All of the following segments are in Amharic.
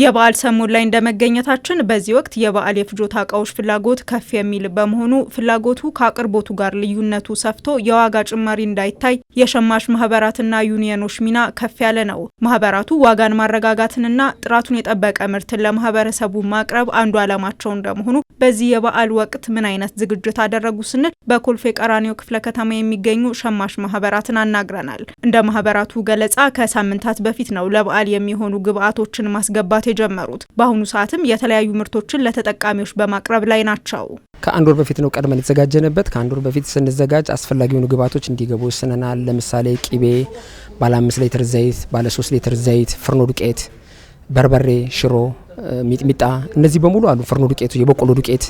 የበዓል ሰሞን ላይ እንደመገኘታችን በዚህ ወቅት የበዓል የፍጆታ እቃዎች ፍላጎት ከፍ የሚል በመሆኑ ፍላጎቱ ከአቅርቦቱ ጋር ልዩነቱ ሰፍቶ የዋጋ ጭማሪ እንዳይታይ የሸማች ማህበራትና ዩኒየኖች ሚና ከፍ ያለ ነው። ማህበራቱ ዋጋን ማረጋጋትንና ጥራቱን የጠበቀ ምርትን ለማህበረሰቡ ማቅረብ አንዱ ዓላማቸው እንደመሆኑ በዚህ የበዓል ወቅት ምን አይነት ዝግጅት አደረጉ ስንል በኮልፌ ቀራኒዮ ክፍለ ከተማ የሚገኙ ሸማች ማህበራትን አናግረናል። እንደ ማህበራቱ ገለጻ ከሳምንታት በፊት ነው ለበዓል የሚሆኑ ግብዓቶችን ማስገባት መስራት የጀመሩት። በአሁኑ ሰዓትም የተለያዩ ምርቶችን ለተጠቃሚዎች በማቅረብ ላይ ናቸው። ከአንድ ወር በፊት ነው ቀድመን የተዘጋጀንበት። ከአንድ ወር በፊት ስንዘጋጅ አስፈላጊውን ግብዓቶች እንዲገቡ ወስነናል። ለምሳሌ ቂቤ ባለ አምስት ሊትር ዘይት፣ ባለ ሶስት ሊትር ዘይት፣ ፍርኖ ዱቄት፣ በርበሬ፣ ሽሮ፣ ሚጥሚጣ እነዚህ በሙሉ አሉ። ፍርኖ ዱቄቱ የበቆሎ ዱቄት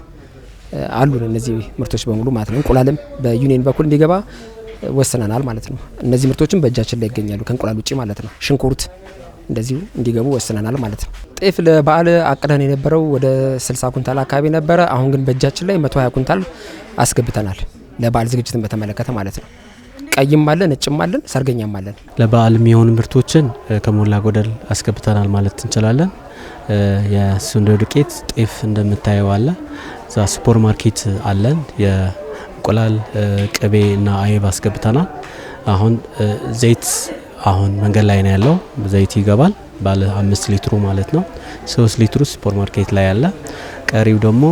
አሉን። እነዚህ ምርቶች በሙሉ ማለት ነው። እንቁላልም በዩኒየን በኩል እንዲገባ ወስነናል ማለት ነው። እነዚህ ምርቶችም በእጃችን ላይ ይገኛሉ ከእንቁላል ውጭ ማለት ነው። ሽንኩርት እንደዚሁ እንዲገቡ ወስነናል ማለት ነው። ጤፍ ለበዓል አቅደን የነበረው ወደ 60 ኩንታል አካባቢ ነበረ። አሁን ግን በእጃችን ላይ 120 ኩንታል አስገብተናል። ለበዓል ዝግጅትን በተመለከተ ማለት ነው። ቀይም አለን፣ ነጭም አለን፣ ሰርገኛም አለን። ለበዓል የሚሆኑ ምርቶችን ከሞላ ጎደል አስገብተናል ማለት እንችላለን። የስንዴ ዱቄት፣ ጤፍ እንደምታየው አለ። እዛ ሱፐር ማርኬት አለን። የእንቁላል ቅቤ እና አይብ አስገብተናል። አሁን ዘይት አሁን መንገድ ላይ ነው ያለው። ዘይት ይገባል ባለ አምስት ሊትሩ ማለት ነው። ሶስት ሊትሩ ሱፐር ማርኬት ላይ ያለ፣ ቀሪው ደግሞ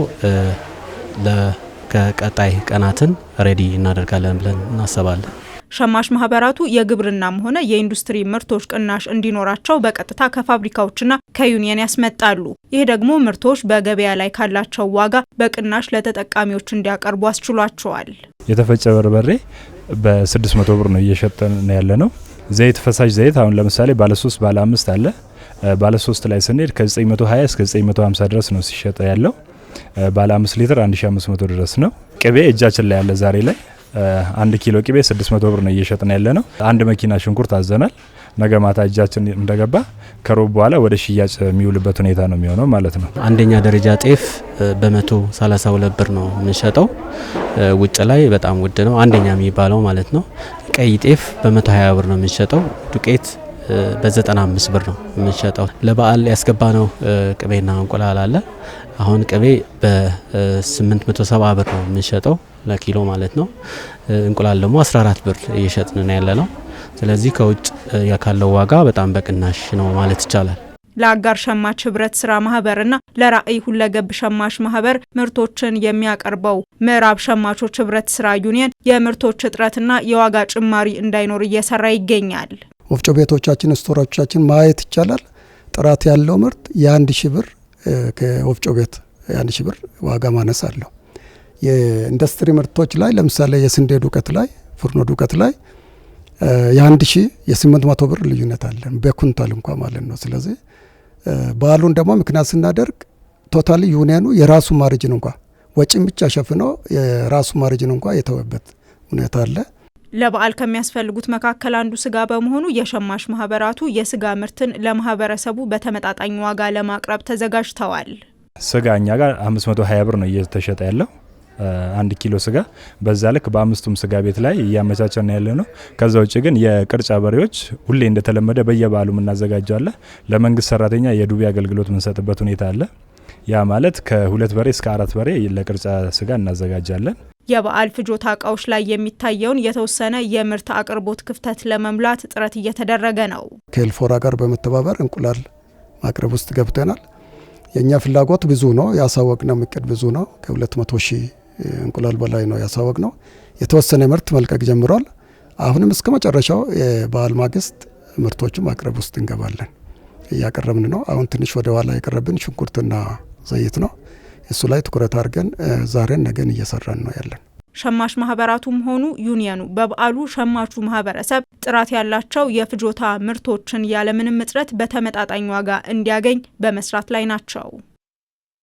ከቀጣይ ቀናትን ሬዲ እናደርጋለን ብለን እናስባለን። ሸማች ማህበራቱ የግብርናም ሆነ የኢንዱስትሪ ምርቶች ቅናሽ እንዲኖራቸው በቀጥታ ከፋብሪካዎችና ከዩኒየን ያስመጣሉ። ይህ ደግሞ ምርቶች በገበያ ላይ ካላቸው ዋጋ በቅናሽ ለተጠቃሚዎች እንዲያቀርቡ አስችሏቸዋል። የተፈጨ በርበሬ በ600 ብር ነው እየሸጠን ያለ ነው። ዘይት ፈሳሽ ዘይት አሁን ለምሳሌ ባለ ሶስት ባለ አምስት አለ። ባለ ሶስት ላይ ስንሄድ ከ920 እስከ 950 ድረስ ነው ሲሸጠ ያለው። ባለ አምስት ሊትር 1500 ድረስ ነው። ቅቤ እጃችን ላይ ያለ ዛሬ ላይ አንድ ኪሎ ቅቤ 600 ብር ነው እየሸጥን ያለ ነው። አንድ መኪና ሽንኩርት አዘናል። ነገ ማታ እጃችን እንደገባ ከሮብ በኋላ ወደ ሽያጭ የሚውልበት ሁኔታ ነው የሚሆነው ማለት ነው። አንደኛ ደረጃ ጤፍ በመቶ 32 ብር ነው የምንሸጠው። ውጭ ላይ በጣም ውድ ነው፣ አንደኛ የሚባለው ማለት ነው። ቀይ ጤፍ በመቶ 20 ብር ነው የምንሸጠው። ዱቄት በ95 ብር ነው የምንሸጠው። ለበዓል ያስገባ ነው ቅቤና እንቁላል አለ። አሁን ቅቤ በ870 ብር ነው የምንሸጠው ለኪሎ ማለት ነው። እንቁላል ደግሞ 14 ብር እየሸጥን ያለ ነው። ስለዚህ ከውጭ ካለው ዋጋ በጣም በቅናሽ ነው ማለት ይቻላል። ለአጋር ሸማች ህብረት ስራ ማህበርና ለራዕይ ሁለገብ ሸማች ማህበር ምርቶችን የሚያቀርበው ምዕራብ ሸማቾች ህብረት ስራ ዩኒየን የምርቶች እጥረትና የዋጋ ጭማሪ እንዳይኖር እየሰራ ይገኛል። ወፍጮ ቤቶቻችን፣ ስቶሮቻችን ማየት ይቻላል። ጥራት ያለው ምርት የአንድ ሺ ብር ከወፍጮ ቤት የአንድ ሺ ብር ዋጋ ማነስ አለው። የኢንዱስትሪ ምርቶች ላይ ለምሳሌ የስንዴ ዱቀት ላይ ፍርኖ ዱቀት ላይ የአንድ ሺ የስምንት መቶ ብር ልዩነት አለን በኩንታል እንኳ ማለት ነው። ስለዚህ በዓሉን ደግሞ ምክንያት ስናደርግ ቶታሊ ዩኒየኑ የራሱ ማርጅን እንኳ ወጪም ብቻ ሸፍኖ የራሱ ማርጅን እንኳ የተወበት ሁኔታ አለ። ለበዓል ከሚያስፈልጉት መካከል አንዱ ስጋ በመሆኑ የሸማች ማህበራቱ የስጋ ምርትን ለማህበረሰቡ በተመጣጣኝ ዋጋ ለማቅረብ ተዘጋጅተዋል። ስጋ እኛ ጋር 520 ብር ነው እየተሸጠ ያለው አንድ ኪሎ ስጋ በዛ ልክ በአምስቱም ስጋ ቤት ላይ እያመቻቸን ያለ ነው። ከዛ ውጭ ግን የቅርጫ በሬዎች ሁሌ እንደተለመደ በየበዓሉ የምናዘጋጀው ለመንግስት ሰራተኛ የዱቤ አገልግሎት የምንሰጥበት ሁኔታ አለ። ያ ማለት ከሁለት በሬ እስከ አራት በሬ ለቅርጫ ስጋ እናዘጋጃለን። የበዓል ፍጆታ እቃዎች ላይ የሚታየውን የተወሰነ የምርት አቅርቦት ክፍተት ለመሙላት ጥረት እየተደረገ ነው። ከኤልፎራ ጋር በመተባበር እንቁላል ማቅረብ ውስጥ ገብተናል። የእኛ ፍላጎት ብዙ ነው። ያሳወቅነው እቅድ ብዙ ነው። ከ200 ሺህ እንቁላል በላይ ነው ያሳወቅ ነው። የተወሰነ ምርት መልቀቅ ጀምሯል። አሁንም እስከ መጨረሻው የበዓል ማግስት ምርቶቹ ማቅረብ ውስጥ እንገባለን። እያቀረብን ነው። አሁን ትንሽ ወደ ኋላ የቀረብን ሽንኩርትና ዘይት ነው። እሱ ላይ ትኩረት አድርገን ዛሬን ነገን እየሰራን ነው ያለን። ሸማች ማህበራቱም ሆኑ ዩኒየኑ በበዓሉ ሸማቹ ማህበረሰብ ጥራት ያላቸው የፍጆታ ምርቶችን ያለምንም እጥረት በተመጣጣኝ ዋጋ እንዲያገኝ በመስራት ላይ ናቸው።